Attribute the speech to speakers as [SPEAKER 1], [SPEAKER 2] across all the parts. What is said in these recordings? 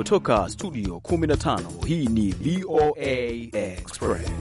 [SPEAKER 1] kutoka studio 15 hii ni VOA
[SPEAKER 2] Express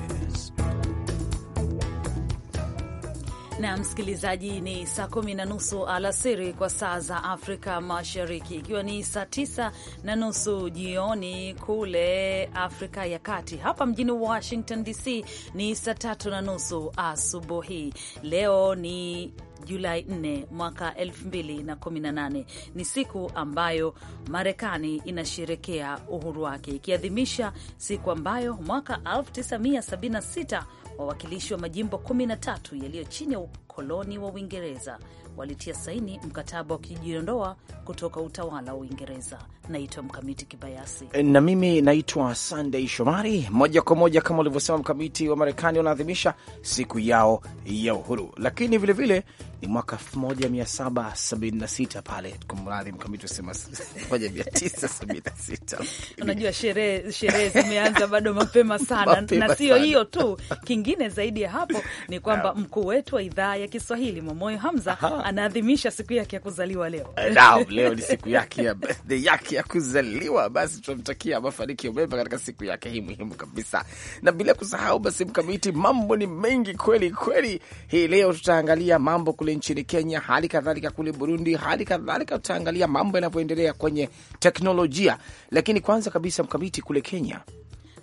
[SPEAKER 3] na msikilizaji, ni saa kumi na nusu alasiri kwa saa za Afrika Mashariki, ikiwa ni saa tisa na nusu jioni kule Afrika ya Kati. Hapa mjini Washington DC ni saa tatu na nusu asubuhi. Leo ni Julai 4 mwaka 2018 ni siku ambayo Marekani inasherekea uhuru wake ikiadhimisha siku ambayo mwaka 1976 wawakilishi wa majimbo 13 yaliyo chini ya ukoloni wa Uingereza walitia saini mkataba wa kujiondoa kutoka utawala wa Uingereza. Naitwa Mkamiti Kibayasi eh,
[SPEAKER 4] na mimi naitwa sandey Shomari. Moja kwa moja kama ulivyosema Mkamiti, wa Marekani wanaadhimisha siku yao ya uhuru, lakini vilevile ni mwaka 1776 pale, kumradhi Mkamiti usema
[SPEAKER 2] 1976
[SPEAKER 3] unajua sherehe sherehe zimeanza bado mapema sana mapema na sio hiyo tu, kingine zaidi ya hapo ni kwamba mkuu wetu wa idhaa ya Kiswahili Mamoyo Hamza anaadhimisha siku yake ya kuzaliwa leo. Eh, leo ni siku yake ya
[SPEAKER 4] birthday yake ya kuzaliwa. Basi tunamtakia mafanikio mema katika siku yake hii muhimu kabisa, na bila kusahau basi, Mkamiti, mambo ni mengi kweli kweli. Hii leo tutaangalia mambo kule nchini Kenya, hali kadhalika kule Burundi, hali kadhalika tutaangalia mambo yanavyoendelea kwenye teknolojia. Lakini kwanza kabisa, Mkamiti, kule Kenya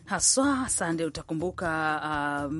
[SPEAKER 3] haswa Sande, utakumbuka uh,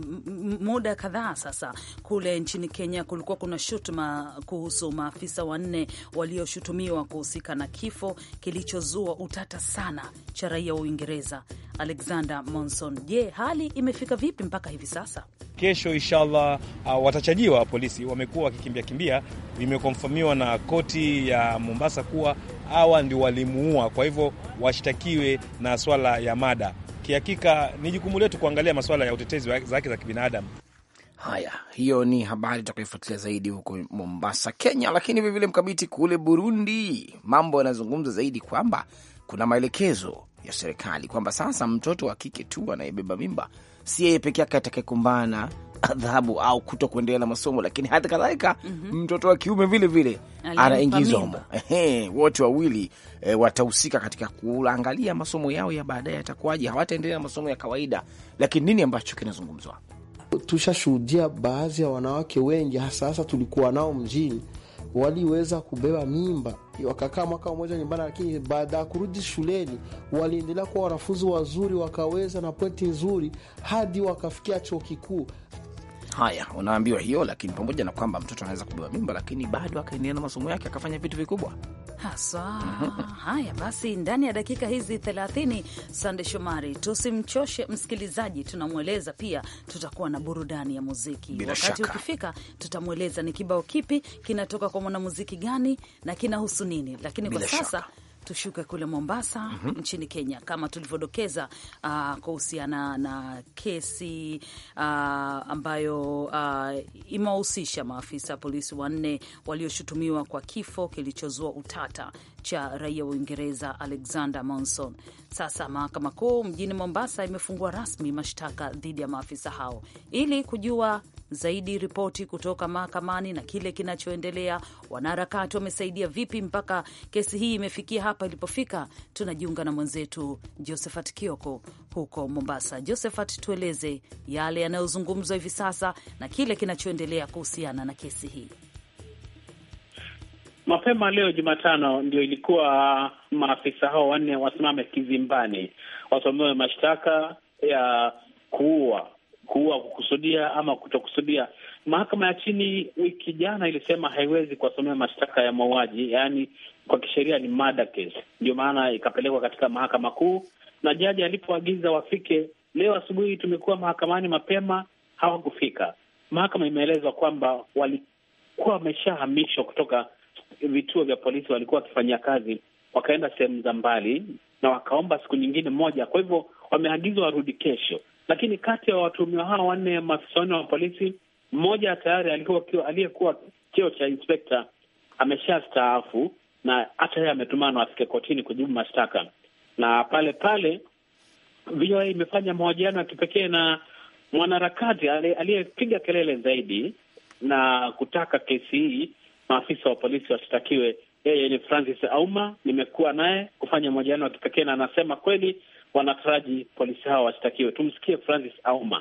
[SPEAKER 3] muda kadhaa sasa, kule nchini Kenya kulikuwa kuna shutuma kuhusu maafisa wanne walioshutumiwa kuhusika na kifo kilichozua utata sana cha raia wa Uingereza Alexander Monson. Je, hali imefika vipi mpaka hivi sasa?
[SPEAKER 1] Kesho inshallah, uh, watachajiwa. Polisi wamekuwa wakikimbia kimbia, vimekonfamiwa na koti ya Mombasa kuwa hawa ndio walimuua, kwa hivyo washtakiwe na swala ya mada kihakika ni jukumu letu kuangalia masuala ya utetezi zake haki za kibinadamu.
[SPEAKER 4] Haya, hiyo ni habari tutakayofuatilia zaidi huko Mombasa, Kenya. Lakini vilevile mkabiti kule Burundi, mambo yanazungumza zaidi kwamba kuna maelekezo ya serikali kwamba sasa mtoto wa kike tu anayebeba mimba si yeye peke yake atakayekumbana adhabu au kuto kuendelea na masomo, lakini hata kadhalika mm -hmm. mtoto wa kiume vile vile anaingizwa humo. Wote wawili e, watahusika katika kuangalia masomo yao ya baadaye yatakuwaje, hawataendelea na masomo ya kawaida. Lakini nini
[SPEAKER 5] ambacho kinazungumzwa, tushashuhudia baadhi ya wanawake wengi, hasa hasa tulikuwa nao mjini, waliweza kubeba mimba wakakaa mwaka mmoja nyumbani, lakini baada ya kurudi shuleni waliendelea kuwa wanafunzi wazuri, wakaweza na pointi nzuri
[SPEAKER 3] hadi wakafikia chuo kikuu.
[SPEAKER 4] Haya, unaambiwa hiyo, lakini pamoja na kwamba mtoto anaweza kubeba mimba, lakini bado akaendelea na masomo yake akafanya vitu vikubwa
[SPEAKER 3] haswa. Mhm. Haya basi, ndani ya dakika hizi thelathini, Sande Shomari, tusimchoshe msikilizaji, tunamweleza pia, tutakuwa na burudani ya muziki. Bila wakati shaka ukifika, tutamweleza ni kibao kipi kinatoka kwa mwanamuziki gani na kinahusu nini, lakini Bila kwa sasa shaka tushuke kule Mombasa mm -hmm. nchini Kenya kama tulivyodokeza uh, kuhusiana na kesi uh, ambayo uh, imewahusisha maafisa polisi wanne walioshutumiwa kwa kifo kilichozua utata cha raia wa Uingereza Alexander Monson. Sasa mahakama kuu mjini Mombasa imefungua rasmi mashtaka dhidi ya maafisa hao ili kujua zaidi ripoti kutoka mahakamani na kile kinachoendelea, wanaharakati wamesaidia vipi mpaka kesi hii imefikia hapa ilipofika. Tunajiunga na mwenzetu Josephat Kioko huko Mombasa. Josephat, tueleze yale yanayozungumzwa hivi sasa na kile kinachoendelea kuhusiana na kesi hii.
[SPEAKER 5] Mapema leo Jumatano ndio ilikuwa maafisa hao wanne wasimame kizimbani, wasomewe mashtaka ya kuua kuua kukusudia ama kutokusudia. Mahakama ya chini wiki jana ilisema haiwezi kuwasomea mashtaka ya mauaji, yaani kwa kisheria ni murder case, ndio maana ikapelekwa katika mahakama kuu, na jaji alipoagiza wafike leo asubuhi, tumekuwa mahakamani mapema, hawakufika. Mahakama imeelezwa kwamba walikuwa wameshahamishwa kutoka vituo vya polisi walikuwa wakifanyia kazi, wakaenda sehemu za mbali na wakaomba siku nyingine moja. Kwa hivyo wameagizwa warudi kesho, lakini kati ya watuhumiwa hao wanne, maafisa wanne wa polisi, mmoja tayari aliyekuwa cheo cha inspekta ameshastaafu na hata yeye ametumanwa afike kotini kujibu mashtaka. Na pale pale VOA imefanya mahojiano ya kipekee na mwanaharakati aliyepiga kelele zaidi na kutaka kesi hii maafisa wa polisi washtakiwe. Yeye ni Francis Auma, nimekuwa naye kufanya mahojiano ya kipekee na anasema kweli wanataraji polisi hawa washtakiwe. Tumsikie Francis Auma.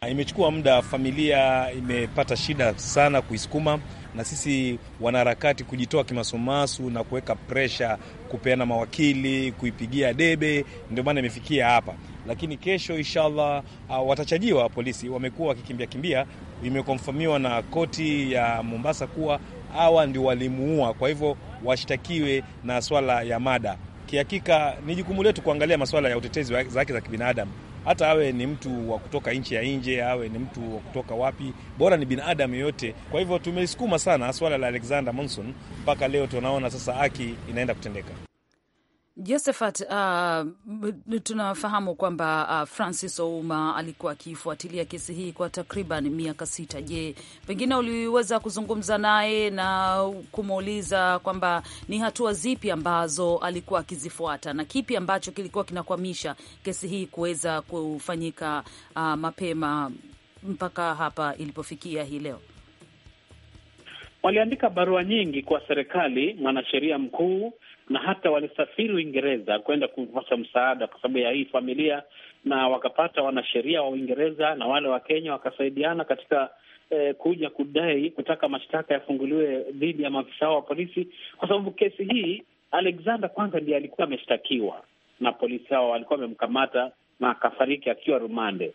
[SPEAKER 1] Ah, imechukua muda, familia imepata shida sana kuisukuma, na sisi wanaharakati kujitoa kimasumasu na kuweka presha, kupeana mawakili, kuipigia debe, ndio maana imefikia hapa. Lakini kesho inshallah, uh, watachajiwa. Polisi wamekuwa wakikimbia kimbia, imekonfamiwa na koti ya Mombasa kuwa hawa ndio walimuua, kwa hivyo washtakiwe na swala ya mada kihakika ni jukumu letu kuangalia masuala ya utetezi wa haki za kibinadamu. Hata awe ni mtu wa kutoka nchi ya nje, awe ni mtu wa kutoka wapi, bora ni binadamu yote. Kwa hivyo tumeisukuma sana swala la Alexander Monson mpaka leo tunaona sasa haki inaenda kutendeka.
[SPEAKER 3] Josephat, uh, tunafahamu kwamba uh, Francis Ouma alikuwa akiifuatilia kesi hii kwa takriban miaka sita. Je, pengine uliweza kuzungumza naye na kumuuliza kwamba ni hatua zipi ambazo alikuwa akizifuata na kipi ambacho kilikuwa kinakwamisha kesi hii kuweza kufanyika uh, mapema mpaka hapa ilipofikia hii leo?
[SPEAKER 5] Waliandika barua nyingi kwa serikali, mwanasheria mkuu na hata walisafiri Uingereza kwenda kupata msaada kwa sababu ya hii familia, na wakapata wanasheria wa Uingereza na wale wa Kenya wakasaidiana katika eh, kuja kudai kutaka mashtaka yafunguliwe dhidi ya maafisa hao wa polisi, kwa sababu kesi hii Alexander kwanza ndiye alikuwa ameshtakiwa na polisi hao, walikuwa wamemkamata na akafariki akiwa rumande.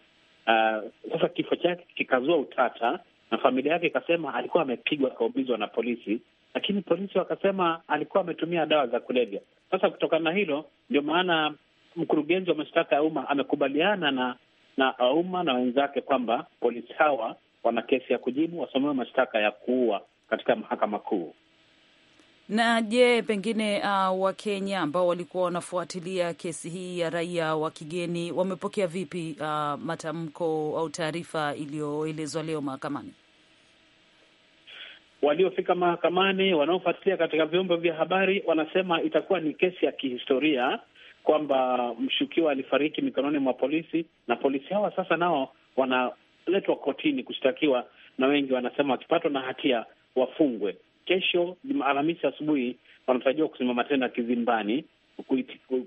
[SPEAKER 5] Uh, sasa kifo chake kikazua utata na familia yake ikasema alikuwa amepigwa akaumizwa na polisi, lakini polisi wakasema alikuwa ametumia dawa za kulevya. Sasa kutokana na hilo, ndio maana mkurugenzi wa mashtaka ya umma amekubaliana na na umma na wenzake kwamba polisi hawa wana kesi ya kujibu, wasomewe mashtaka ya kuua katika mahakama kuu.
[SPEAKER 3] Na je, pengine uh, Wakenya ambao walikuwa wanafuatilia kesi hii ya raia wa kigeni wamepokea vipi uh, matamko au taarifa iliyoelezwa leo mahakamani?
[SPEAKER 5] waliofika mahakamani, wanaofuatilia katika vyombo vya habari wanasema itakuwa ni kesi ya kihistoria kwamba mshukiwa alifariki mikononi mwa polisi, na polisi hawa sasa nao wanaletwa kotini kushtakiwa, na wengi wanasema wakipatwa na hatia wafungwe. Kesho Alhamisi asubuhi wanatarajiwa kusimama tena kizimbani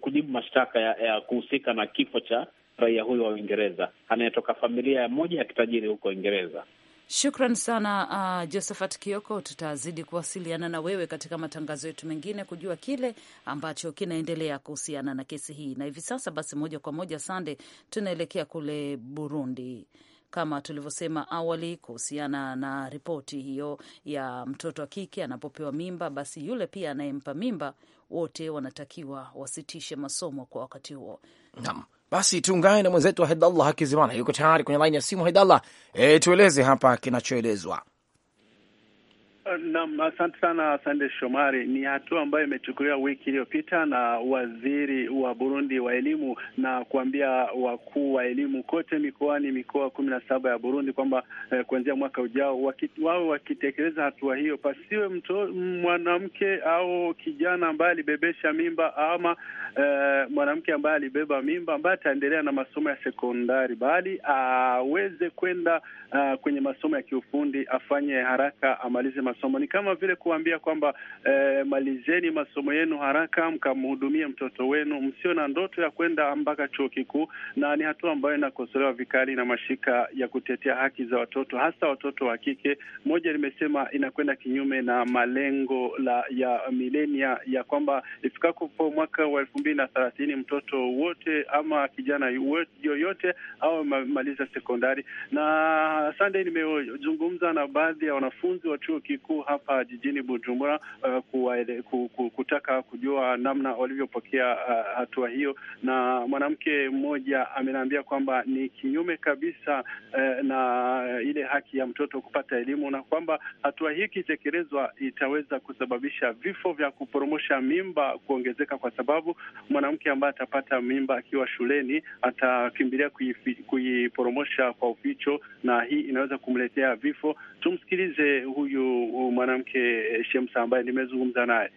[SPEAKER 5] kujibu mashtaka ya, ya kuhusika na kifo cha raia huyo wa Uingereza anayetoka familia ya moja ya kitajiri huko Uingereza.
[SPEAKER 3] Shukran sana uh, Josephat Kioko. Tutazidi kuwasiliana na wewe katika matangazo yetu mengine kujua kile ambacho kinaendelea kuhusiana na kesi hii. Na hivi sasa basi, moja kwa moja, Sande, tunaelekea kule Burundi kama tulivyosema awali kuhusiana na ripoti hiyo ya mtoto wa kike anapopewa mimba, basi yule pia anayempa mimba wote wanatakiwa wasitishe masomo kwa wakati huo. Naam.
[SPEAKER 4] Basi tuungane na mwenzetu wa Haidallah Hakizimana, yuko tayari kwenye laini ya simu. Haidallah, e, eh, tueleze hapa kinachoelezwa.
[SPEAKER 6] Uh, naam, asante sana Sande Shomari. Ni hatua ambayo imechukuliwa wiki iliyopita na waziri wa Burundi wa elimu na kuambia wakuu wa elimu kote mikoani, mikoa kumi na saba ya Burundi kwamba eh, kuanzia mwaka ujao wao wakitekeleza hatua hiyo, pasiwe mwanamke au kijana ambaye alibebesha mimba ama eh, mwanamke ambaye alibeba mimba ambaye ataendelea na masomo ya sekondari, bali aweze kwenda uh, kwenye masomo ya kiufundi, afanye haraka amalize masomo. Ni kama vile kuambia kwamba eh, malizeni masomo yenu haraka mkamhudumie mtoto wenu, msio na ndoto ya kwenda mpaka chuo kikuu, na ni hatua ambayo inakosolewa vikali na mashirika ya kutetea haki za watoto, hasa watoto wa kike. Moja limesema inakwenda kinyume na malengo la ya milenia ya kwamba ifikapo mwaka wa elfu mbili na thelathini mtoto wote ama kijana yoyote au maliza sekondari. Na Sunday nimezungumza na baadhi ya wanafunzi wa chuo kikuu kuu hapa jijini Bujumbura uh, ku, ku, kutaka kujua namna walivyopokea uh, hatua hiyo, na mwanamke mmoja ameniambia kwamba ni kinyume kabisa uh, na ile haki ya mtoto kupata elimu na kwamba hatua hii ikitekelezwa itaweza kusababisha vifo vya kuporomosha mimba kuongezeka, kwa sababu mwanamke ambaye atapata mimba akiwa shuleni atakimbilia kuiporomosha kwa uficho, na hii inaweza kumletea vifo. Tumsikilize huyu mwanamke eh, Shemsa ambaye nimezungumza naye.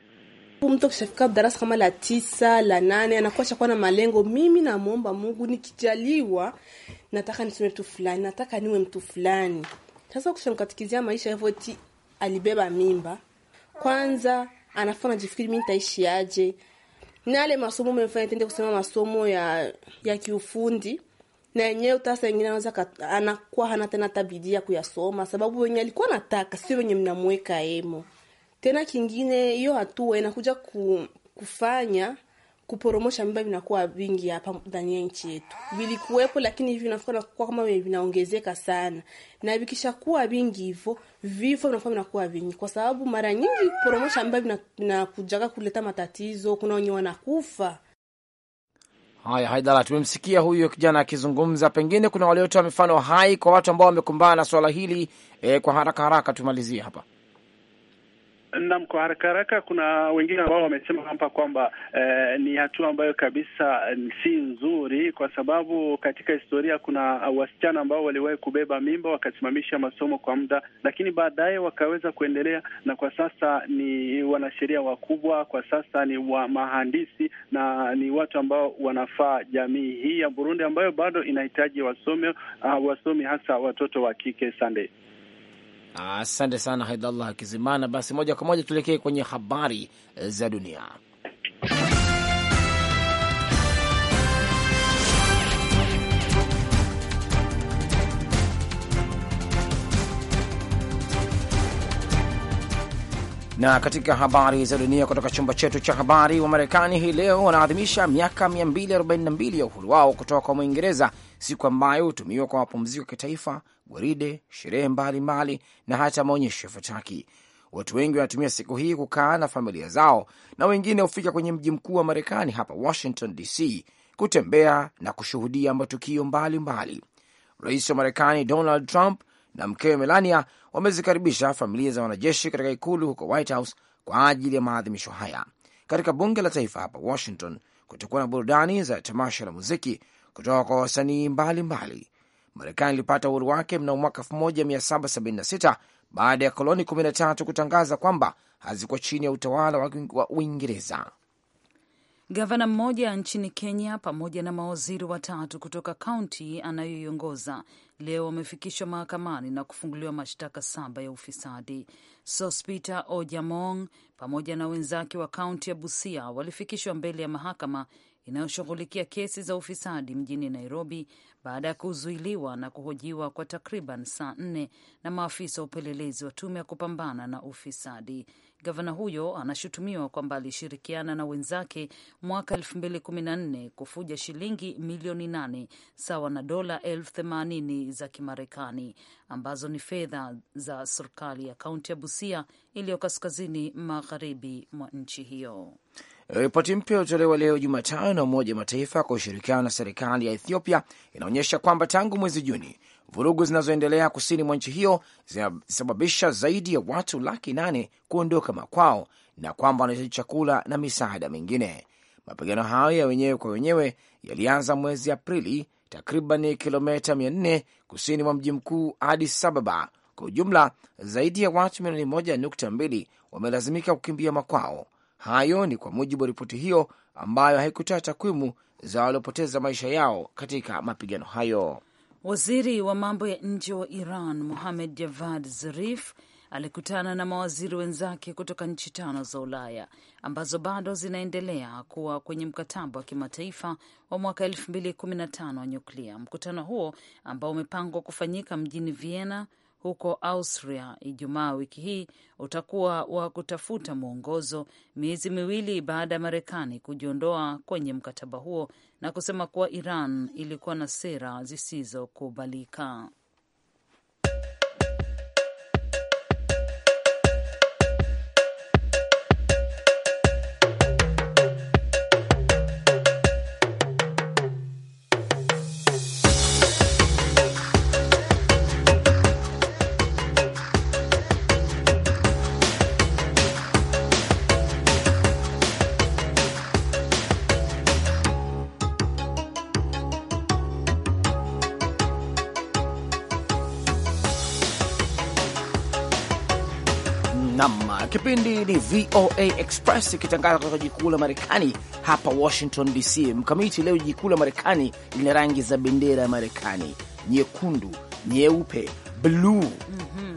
[SPEAKER 7] Mtu akishafika darasa kama la tisa la nane anakuwa chakuwa na malengo. Mimi namwomba Mungu, nikijaliwa nataka nisome mtu fulani, nataka niwe mtu fulani. Sasa kushamkatikizia maisha hivyo, ti alibeba mimba kwanza, anafaa najifikiri, mi ntaishi aje Nale masomo mefanya tende kusema masomo ya ya kiufundi na yenye utasa wengine anaweza anakuwa hana tena tabidi ya kuyasoma, sababu wenye alikuwa nataka sio wenye mnamweka emo tena. Kingine hiyo hatua inakuja ku, kufanya kuporomosha mimba vinakuwa vingi hapa ndani ya nchi yetu. Vilikuwepo, lakini hivi vinakuwa vinakuwa kama vinaongezeka sana, na vikishakuwa vingi hivyo vifo vinakuwa vinakuwa vingi, kwa sababu mara nyingi poromosha mimba vinakujaga kuleta matatizo. Kuna wenye wanakufa
[SPEAKER 4] Haya, Haidara, tumemsikia huyo kijana akizungumza. Pengine kuna waliotoa mifano hai kwa watu ambao wamekumbana na swala hili. E, kwa haraka haraka tumalizie hapa.
[SPEAKER 6] Naam, kwa haraka haraka, kuna wengine ambao wamesema hapa kwamba eh, ni hatua ambayo kabisa eh, si nzuri, kwa sababu katika historia kuna ah, wasichana ambao waliwahi kubeba mimba wakasimamisha masomo kwa muda, lakini baadaye wakaweza kuendelea, na kwa sasa ni wanasheria wakubwa, kwa sasa ni wa mahandisi na ni watu ambao wanafaa jamii hii ya Burundi ambayo bado inahitaji wasome, uh, wasomi hasa watoto wa kike. Sunday
[SPEAKER 4] Asante sana Haidallah Kizimana. Basi moja kwa moja tuelekee kwenye habari eh, za dunia. Na katika habari za dunia kutoka chumba chetu cha habari, wa Marekani hii leo wanaadhimisha miaka 242 ya uhuru wao kutoka kwa Mwingereza, siku ambayo hutumiwa kwa mapumziko ya kitaifa gwaride, sherehe mbalimbali na hata maonyesho ya fataki. Watu wengi wanatumia siku hii kukaa na familia zao na wengine hufika kwenye mji mkuu wa Marekani hapa Washington DC kutembea na kushuhudia matukio mbalimbali. Rais wa Marekani Donald Trump na mkewe Melania wamezikaribisha familia za wanajeshi katika ikulu huko White House kwa ajili ya maadhimisho haya. Katika bunge la taifa hapa Washington kutakuwa na burudani za tamasha la muziki kutoka kwa wasanii mbalimbali. Marekani ilipata uhuru wake mnamo mwaka 1776 baada ya koloni 13 kutangaza kwamba hazikuwa chini ya utawala wa Uingereza.
[SPEAKER 3] Gavana mmoja nchini Kenya pamoja na mawaziri watatu kutoka kaunti anayoiongoza leo wamefikishwa mahakamani na kufunguliwa mashtaka saba ya ufisadi. Sospeter Ojamong pamoja na wenzake wa kaunti ya Busia walifikishwa mbele ya mahakama inayoshughulikia kesi za ufisadi mjini Nairobi baada ya kuzuiliwa na kuhojiwa kwa takriban saa nne na maafisa wa upelelezi wa tume ya kupambana na ufisadi. Gavana huyo anashutumiwa kwamba alishirikiana na wenzake mwaka 2014 kufuja shilingi milioni 8 sawa na dola elfu themanini za Kimarekani, ambazo ni fedha za serikali ya kaunti ya Busia iliyo kaskazini magharibi mwa nchi hiyo.
[SPEAKER 4] Ripoti mpya iliyotolewa leo Jumatano na Umoja wa Mataifa kwa ushirikiano na serikali ya Ethiopia inaonyesha kwamba tangu mwezi Juni vurugu zinazoendelea kusini mwa nchi hiyo zinasababisha zaidi ya watu laki nane kuondoka makwao na kwamba wanahitaji chakula na misaada mingine. Mapigano hayo ya wenyewe kwa wenyewe yalianza mwezi Aprili, takriban kilomita 400 kusini mwa mji mkuu Addis Ababa. Kwa ujumla, zaidi ya watu milioni 1.2 wamelazimika kukimbia makwao Hayo ni kwa mujibu wa ripoti hiyo ambayo haikutoa takwimu za waliopoteza maisha yao katika mapigano hayo.
[SPEAKER 3] Waziri wa mambo ya nje wa Iran muhamed Javad Zarif alikutana na mawaziri wenzake kutoka nchi tano za Ulaya ambazo bado zinaendelea kuwa kwenye mkataba wa kimataifa wa mwaka 2015 wa nyuklia. Mkutano huo ambao umepangwa kufanyika mjini Vienna huko Austria Ijumaa wiki hii utakuwa wa kutafuta mwongozo, miezi miwili baada ya Marekani kujiondoa kwenye mkataba huo na kusema kuwa Iran ilikuwa na sera zisizokubalika.
[SPEAKER 4] VOA Express ikitangaza kutoka jiji kuu la Marekani hapa Washington DC. Mkamiti, leo jiji kuu la Marekani lina rangi za bendera ya Marekani, nyekundu, nyeupe, bluu, mm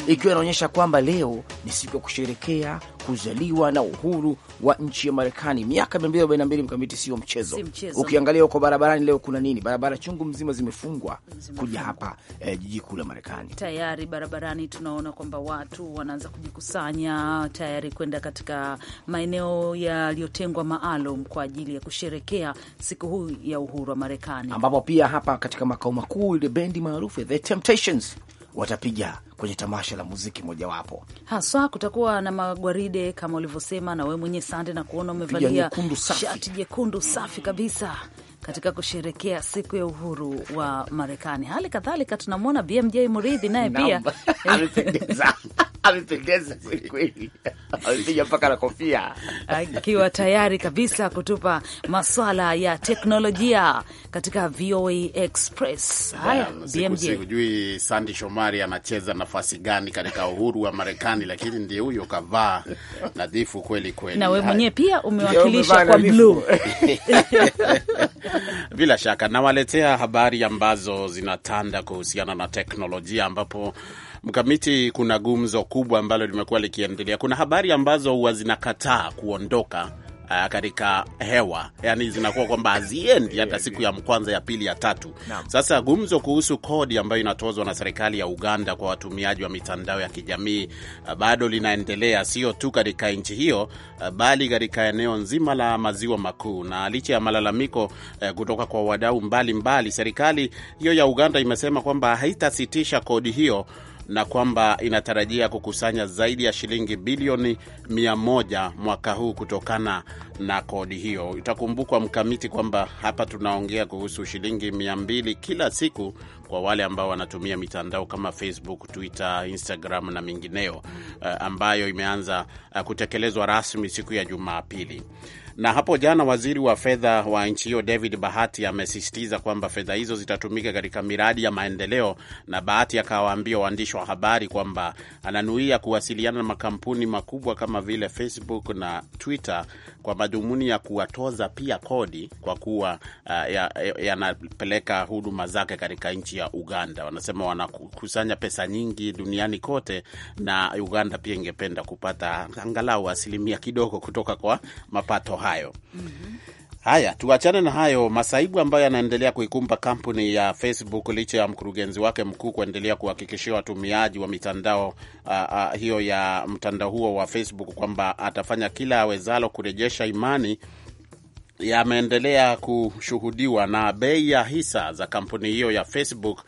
[SPEAKER 4] -hmm. ikiwa inaonyesha kwamba leo ni siku ya kusherekea kuzaliwa na uhuru wa nchi ya Marekani. Miaka 242 mkamiti, sio mchezo. Ukiangalia huko barabarani leo kuna nini? Barabara chungu mzima zimefungwa kuja hapa eh, jiji kuu la Marekani.
[SPEAKER 3] Tayari barabarani tunaona kwamba watu wanaanza kujikusanya tayari kwenda katika maeneo yaliyotengwa maalum kwa ajili ya kusherekea siku huu ya uhuru wa Marekani,
[SPEAKER 4] ambapo pia hapa katika makao makuu ile bendi maarufu The Temptations watapiga kwenye tamasha la muziki mojawapo
[SPEAKER 3] haswa. Kutakuwa na magwaride kama ulivyosema, na wewe mwenye Sande, na kuona umevalia shati jekundu safi kabisa katika kusherekea siku ya uhuru wa Marekani. Hali kadhalika tunamwona BMJ Muridhi naye pia
[SPEAKER 4] amependeza amepiga mpaka na
[SPEAKER 3] kofia, akiwa tayari kabisa kutupa maswala ya teknolojia katika VOA Express. Haya, BMJ,
[SPEAKER 8] sijui Sandi Shomari anacheza nafasi gani katika uhuru wa Marekani, lakini ndiye huyo kavaa nadhifu kweli kweli, na we mwenyewe
[SPEAKER 3] pia umewakilisha kwa bluu
[SPEAKER 8] Bila shaka nawaletea habari ambazo zinatanda kuhusiana na teknolojia, ambapo mkamiti, kuna gumzo kubwa ambalo limekuwa likiendelea. Kuna habari ambazo huwa zinakataa kuondoka uh, katika hewa, yani zinakuwa kwamba haziendi hata siku ya kwanza, ya pili, ya tatu. Sasa gumzo kuhusu kodi ambayo inatozwa na serikali ya Uganda kwa watumiaji wa mitandao ya kijamii uh, bado linaendelea, sio tu katika nchi hiyo uh, bali katika eneo nzima la maziwa makuu, na licha ya malalamiko uh, kutoka kwa wadau mbalimbali, serikali hiyo ya Uganda imesema kwamba haitasitisha kodi hiyo na kwamba inatarajia kukusanya zaidi ya shilingi bilioni 100 mwaka huu kutokana na kodi hiyo. Itakumbukwa Mkamiti kwamba hapa tunaongea kuhusu shilingi 200 kila siku kwa wale ambao wanatumia mitandao kama Facebook, Twitter, Instagram na mingineo, eh, ambayo imeanza eh, kutekelezwa rasmi siku ya Jumapili. Na hapo jana waziri wa fedha wa nchi hiyo David Bahati amesisitiza kwamba fedha hizo zitatumika katika miradi ya maendeleo, na Bahati akawaambia waandishi wa habari kwamba ananuia kuwasiliana na makampuni makubwa kama vile Facebook na Twitter kwa madhumuni ya kuwatoza pia kodi kwa kuwa uh, yanapeleka ya huduma zake katika nchi ya Uganda. Wanasema wanakusanya pesa nyingi duniani kote, na Uganda pia ingependa kupata angalau asilimia kidogo kutoka kwa mapato haya hayo. Haya, tuachane na hayo masaibu ambayo yanaendelea kuikumba kampuni ya Facebook licha ya mkurugenzi wake mkuu kuendelea kuhakikishia watumiaji wa mitandao uh, uh, hiyo ya mtandao huo wa Facebook kwamba atafanya kila awezalo kurejesha imani yameendelea kushuhudiwa na bei ya hisa za kampuni hiyo ya Facebook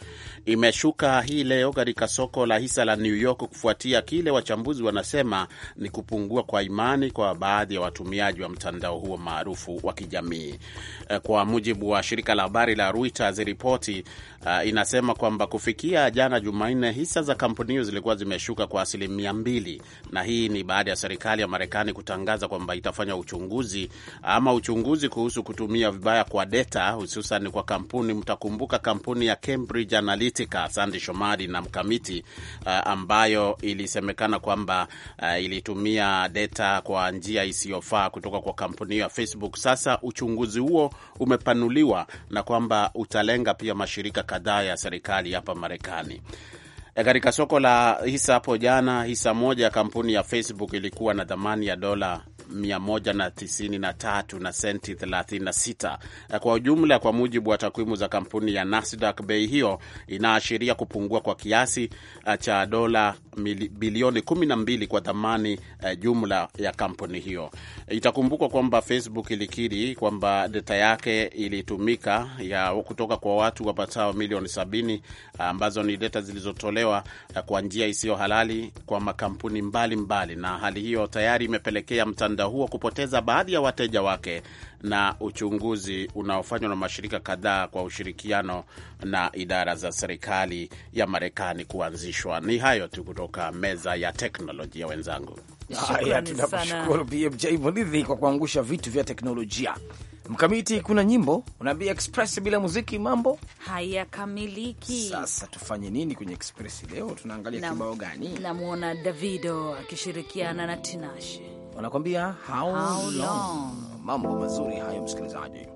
[SPEAKER 8] imeshuka hii leo katika soko la hisa la New York kufuatia kile wachambuzi wanasema ni kupungua kwa imani kwa baadhi ya watumiaji wa mtandao huo maarufu wa kijamii. Eh, kwa mujibu wa shirika la habari la Reuters, ripoti uh, inasema kwamba kufikia jana Jumanne, hisa za kampuni hiyo zilikuwa zimeshuka kwa asilimia mbili, na hii ni baada ya serikali ya Marekani kutangaza kwamba itafanya uchunguzi ama uchunguzi uchunguzi kuhusu kutumia vibaya kwa data hususan kwa kampuni. Mtakumbuka kampuni ya Cambridge Analytica, Sande Shomari na Mkamiti, uh, ambayo ilisemekana kwamba uh, ilitumia data kwa njia isiyofaa kutoka kwa kampuni hiyo ya Facebook. Sasa uchunguzi huo umepanuliwa na kwamba utalenga pia mashirika kadhaa ya serikali hapa Marekani. E, katika soko la hisa hapo jana, hisa moja ya kampuni ya Facebook ilikuwa na thamani ya dola 193 na senti 36 kwa ujumla. Kwa mujibu wa takwimu za kampuni ya Nasdaq, bei hiyo inaashiria kupungua kwa kiasi eh, cha dola bilioni 12 kwa thamani eh, jumla ya kampuni hiyo. Itakumbukwa kwamba Facebook ilikiri kwamba data yake ilitumika ya kutoka kwa watu wapatao milioni 70 eh, ambazo ni data zilizotolewa kwa njia isiyo halali kwa makampuni mbalimbali mbali, na hali hiyo tayari imepelekea mtandao muda huo kupoteza baadhi ya wateja wake na uchunguzi unaofanywa na mashirika kadhaa kwa ushirikiano na idara za serikali ya Marekani kuanzishwa. Ni hayo tu kutoka meza ya teknolojia, wenzangu.
[SPEAKER 4] Haya, tunakushukuru BMJ Mridhi kwa kuangusha vitu vya teknolojia. Mkamiti, kuna nyimbo unaambia Express bila muziki mambo
[SPEAKER 3] hayakamiliki. Sasa
[SPEAKER 4] tufanye nini kwenye Express leo? Tunaangalia kibao gani?
[SPEAKER 3] Namwona Davido akishirikiana na, na Tinashe
[SPEAKER 4] wanakuambia how, how long. Mambo mazuri hayo, msikilizaji.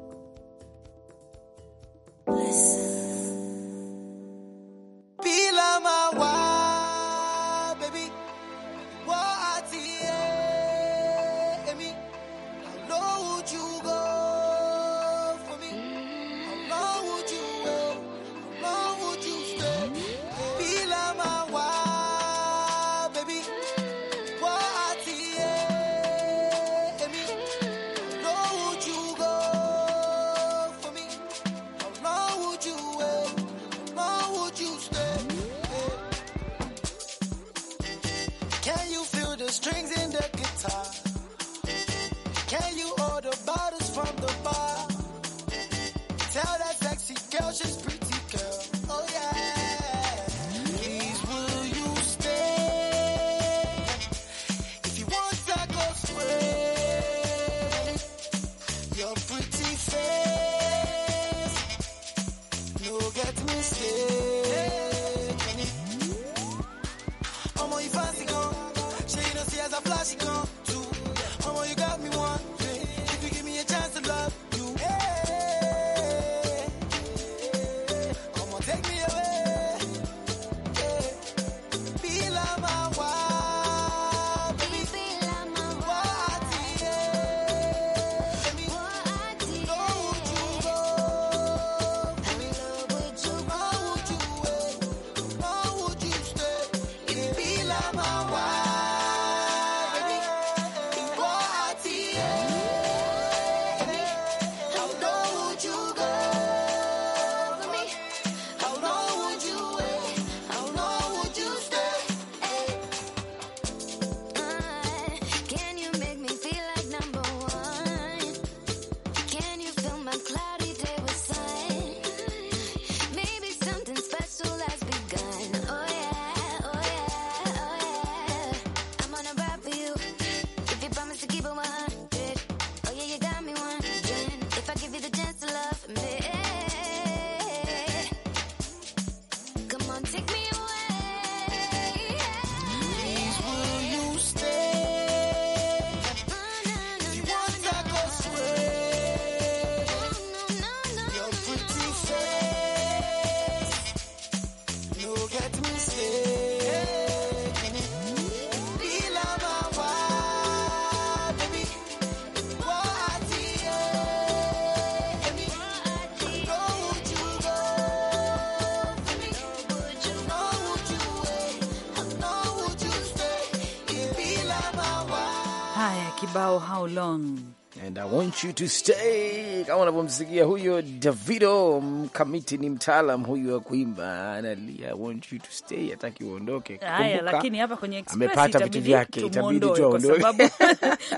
[SPEAKER 3] kibao how long and I want you to stay, kama
[SPEAKER 4] unavyomsikia huyo Davido. Mkamiti ni mtaalam huyu wa kuimba, analia I want you to stay, hataki uondoke. Haya, lakini
[SPEAKER 3] hapa kwenye Express amepata vitu vyake, itabidi tu aondoke kwa sababu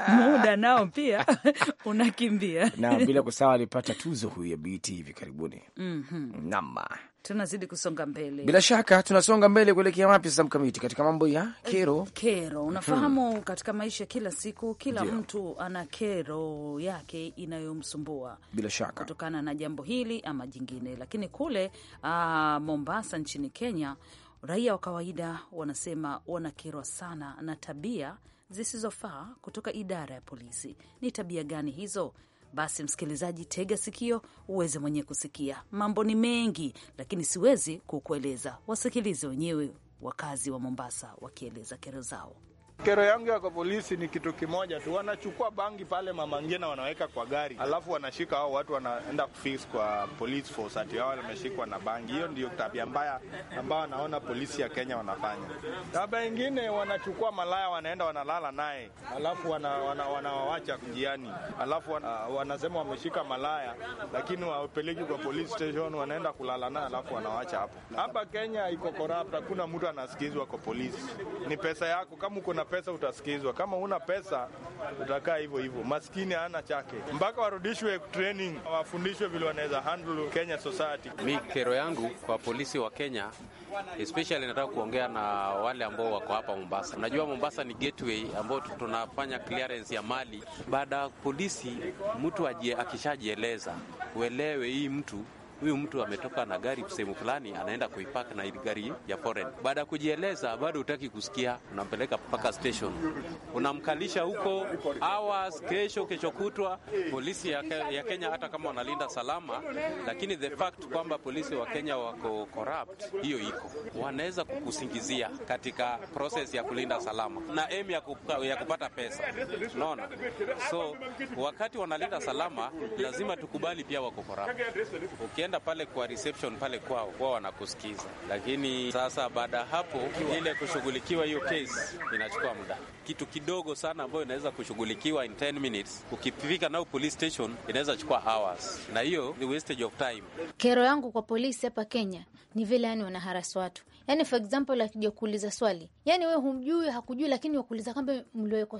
[SPEAKER 3] muda nao pia unakimbia na bila
[SPEAKER 4] kusawa, alipata tuzo huyu ya BT hivi karibuni. mm -hmm. nama
[SPEAKER 3] tunazidi kusonga mbele. Bila
[SPEAKER 4] shaka tunasonga mbele kuelekea wapi sasa, Mkamiti, katika mambo ya eh, kero?
[SPEAKER 3] Kero hmm. unafahamu, hmm. katika maisha kila siku kila Dio. mtu ana kero yake inayomsumbua bila shaka, kutokana na jambo hili ama jingine. Lakini kule uh, Mombasa nchini Kenya, raia wa kawaida wanasema wanakerwa sana na tabia zisizofaa kutoka idara ya polisi. Ni tabia gani hizo? Basi msikilizaji, tega sikio uweze mwenyewe kusikia. Mambo ni mengi, lakini siwezi kukueleza, wasikilize wenyewe wakazi wa Mombasa wakieleza kero zao. Kero yangu ya kwa polisi
[SPEAKER 1] ni kitu kimoja tu, wanachukua bangi pale Mama Ngina wanaweka kwa gari, alafu wanashika hao watu wanaenda kufix kwa police force ati hao wameshikwa na bangi. Hiyo ndio tabia mbaya ambayo wanaona polisi ya Kenya wanafanya. Tabia ingine wanachukua malaya wanaenda wanalala naye, alafu wanawawacha wana, wana njiani, alafu wana, wanasema wameshika malaya, lakini wapeleki kwa police station, wanaenda kulala naye, alafu wanawacha hapo. Hapa Kenya iko corrupt, hakuna mtu anasikizwa kwa polisi. Ni pesa yako kama uko na pesa utasikizwa, kama una pesa utakaa hivyo hivyo, maskini hana chake, mpaka warudishwe training, wafundishwe vile wanaweza handle Kenya society.
[SPEAKER 9] Mi kero yangu kwa polisi wa Kenya especially nataka kuongea na wale ambao wako hapa Mombasa. Unajua Mombasa ni gateway ambao tunafanya clearance ya mali. Baada ya polisi, mtu akishajieleza uelewe hii mtu huyu mtu ametoka na gari sehemu fulani, anaenda kuipaka na ile gari ya foreign. Baada ya kujieleza, bado hutaki kusikia, unampeleka mpaka station, unamkalisha huko hours, kesho kesho kutwa. Polisi ya, ke, ya Kenya hata kama wanalinda salama, lakini the fact kwamba polisi wa Kenya wako corrupt, hiyo iko, wanaweza kukusingizia katika process ya kulinda salama na aim ya, kupa, ya kupata pesa, unaona. So wakati wanalinda salama, lazima tukubali pia wako corrupt okay? ukienda pale kwa reception pale kwao wao wanakusikiza, lakini sasa baada ya hapo ile kushughulikiwa hiyo case inachukua muda, kitu kidogo sana ambayo inaweza kushughulikiwa in 10 minutes, ukifika nao police station inaweza chukua hours, na hiyo ni wastage of time.
[SPEAKER 7] Kero yangu kwa polisi hapa Kenya ni vile yani wanaharasi watu Yani for example akija kuuliza swali, yani wewe humjui, hakujui, lakini wakuuliza kwamba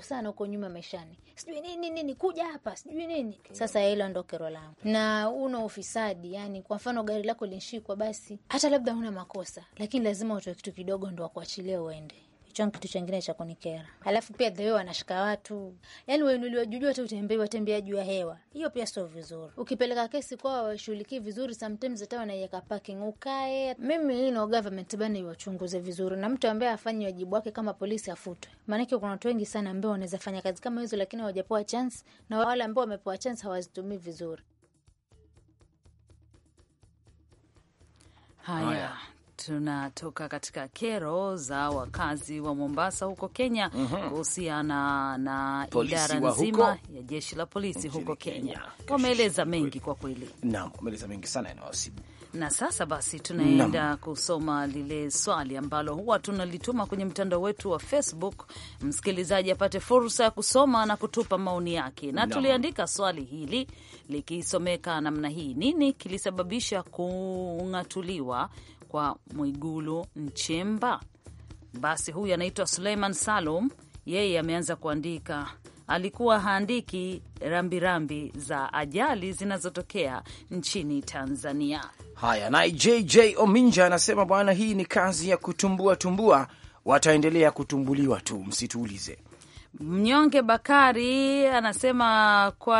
[SPEAKER 7] sana huko nyuma maishani, sijui nini nini, kuja hapa sijui nini. Sasa hilo ndo kero langu. Na una ufisadi, yani kwa mfano gari lako linshikwa, basi hata labda una makosa, lakini lazima utoe kitu kidogo ndo wakuachilia uende hicho kitu chengine cha kunikera. Alafu pia dhewe wanashika watu, yani wenuliwajujua tu utembei watembea juu ya hewa, hiyo pia sio vizuri. Ukipeleka kesi kwao washughulikii vizuri, sometimes hata wanaiweka parking ukae. Mimi hii no government bana iwachunguze vizuri, na mtu ambaye afanyi wajibu wake kama polisi afutwe, maanake kuna watu wengi sana ambao wanaweza fanya kazi kama hizo, lakini hawajapewa chance, na wale ambao wamepewa chance hawazitumii vizuri.
[SPEAKER 3] Haya, tunatoka katika kero za wakazi wa Mombasa huko Kenya mhm. kuhusiana na idara nzima ya jeshi la polisi huko Kenya. Wameeleza mengi kwa kweli,
[SPEAKER 4] naam, wameeleza mengi sana yanawasibu.
[SPEAKER 3] Na sasa basi tunaenda Nam. kusoma lile swali ambalo huwa tunalituma kwenye mtandao wetu wa Facebook, msikilizaji apate fursa ya kusoma na kutupa maoni yake, na tuliandika swali hili likisomeka namna hii: nini kilisababisha kung'atuliwa kwa Mwigulu Nchemba. Basi huyu anaitwa Suleiman Salum, yeye ameanza kuandika alikuwa haandiki rambirambi za ajali zinazotokea nchini Tanzania.
[SPEAKER 4] Haya, naye JJ Ominja anasema bwana, hii ni kazi ya kutumbua tumbua, wataendelea kutumbuliwa tu, msituulize.
[SPEAKER 3] Mnyonge Bakari anasema kwa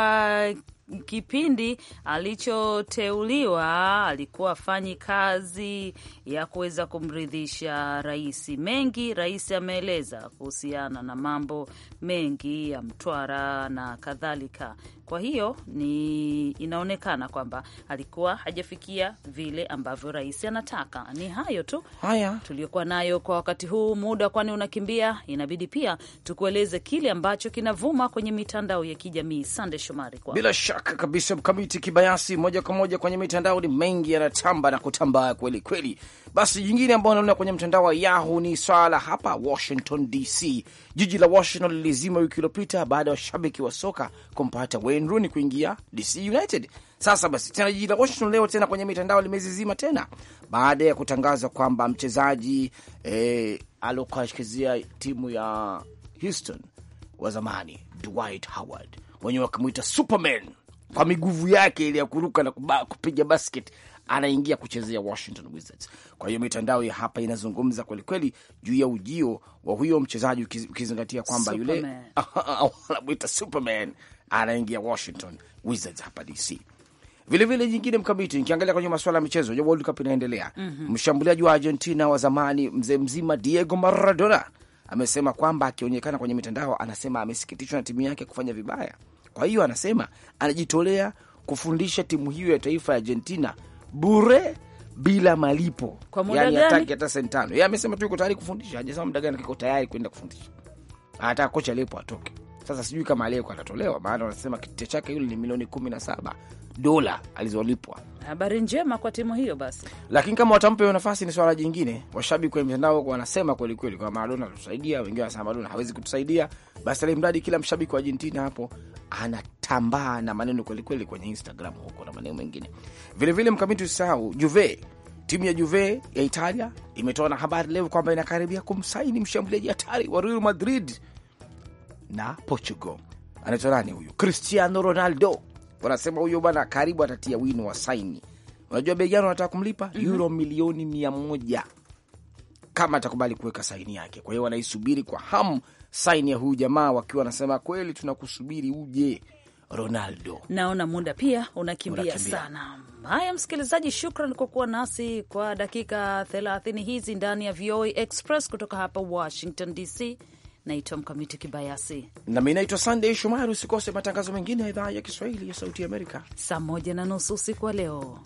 [SPEAKER 3] kipindi alichoteuliwa alikuwa afanyi kazi ya kuweza kumridhisha rais. Mengi rais ameeleza kuhusiana na mambo mengi ya Mtwara na kadhalika. Kwa hiyo ni inaonekana kwamba alikuwa hajafikia vile ambavyo rais anataka. Ni hayo tu haya tuliyokuwa nayo kwa wakati huu. Muda kwani unakimbia, inabidi pia tukueleze kile ambacho kinavuma kwenye mitandao ya kijamii. Sande Shomari kwa bila
[SPEAKER 4] shaka shaka kabisa, mkamiti kibayasi, moja kwa moja kwenye mitandao. Ni mengi yanatamba na kutamba kweli kweli. Basi jingine ambayo naona kwenye mtandao wa Yahu ni swala hapa Washington DC. Jiji la Washington lilizima wiki iliyopita baada ya washabiki wa soka kumpata Wayne Rooney kuingia DC United. Sasa basi tena jiji la Washington leo tena kwenye mitandao limezizima tena baada ya kutangaza kwamba mchezaji eh, aliokuashikizia timu ya Houston wa zamani Dwight Howard wenyewe wakimuita Superman kwa miguvu yake ile ya kuruka na kupiga basket anaingia kuchezea Washington Wizards. Kwa hiyo mitandao ya hapa inazungumza kwelikweli juu ya ujio wa huyo mchezaji, ukizingatia kwamba yule wanamwita Superman anaingia Washington Wizards hapa DC. Vilevile nyingine mkabiti, nikiangalia kwenye masuala ya michezo ya World Cup inaendelea, mm -hmm. Mshambuliaji wa Argentina wa zamani mzee mzima Diego Maradona amesema kwamba akionekana kwenye mitandao, anasema amesikitishwa na timu yake kufanya vibaya kwa hiyo anasema anajitolea kufundisha timu hiyo ya taifa ya Argentina bure bila malipo, yani hataki hata senti tano. Yeye amesema tu yuko tayari kufundisha, hajasema muda gani kiko tayari kwenda kufundisha, anataka kocha aliyepo atoke. Sasa sijui kama aliyeko atatolewa, maana wanasema kitita chake yule ni milioni kumi na saba dola alizolipwa.
[SPEAKER 3] Habari njema kwa timu hiyo basi,
[SPEAKER 4] lakini kama watampa hiyo nafasi ni swala jingine. Washabiki kwenye mitandao wanasema kwelikweli kwamba Maradona atatusaidia, wengine wanasema Maradona hawezi kutusaidia. Basi ali mradi kila mshabiki wa Argentina hapo anatambaa na maneno kwelikweli kwenye Instagram huko na maneno mengine vilevile. Mkamiti, usisahau Juve, timu ya Juve ya Italia imetoa na habari leo kwamba inakaribia kumsaini mshambuliaji hatari wa Real Madrid na Portugal. Anaitwa nani huyu? Cristiano Ronaldo wanasema huyo bwana karibu atatia wino wa saini. Unajua bei gani wanataka kumlipa? mm -hmm. Euro milioni mia moja kama atakubali kuweka saini yake. Kwa hiyo wanaisubiri kwa hamu saini ya huyu jamaa, wakiwa wanasema kweli tunakusubiri uje Ronaldo.
[SPEAKER 3] Naona muda pia unakimbia, unakimbia sana. Haya, msikilizaji, shukran kwa kuwa nasi kwa dakika 30 hizi ndani ya VOA Express kutoka hapa Washington DC. Naitwa Mkamiti Kibayasi
[SPEAKER 4] nami naitwa Sandey Shumari. Usikose matangazo mengine ya idhaa ya Kiswahili ya Sauti ya Amerika saa moja na nusu
[SPEAKER 3] usiku wa leo.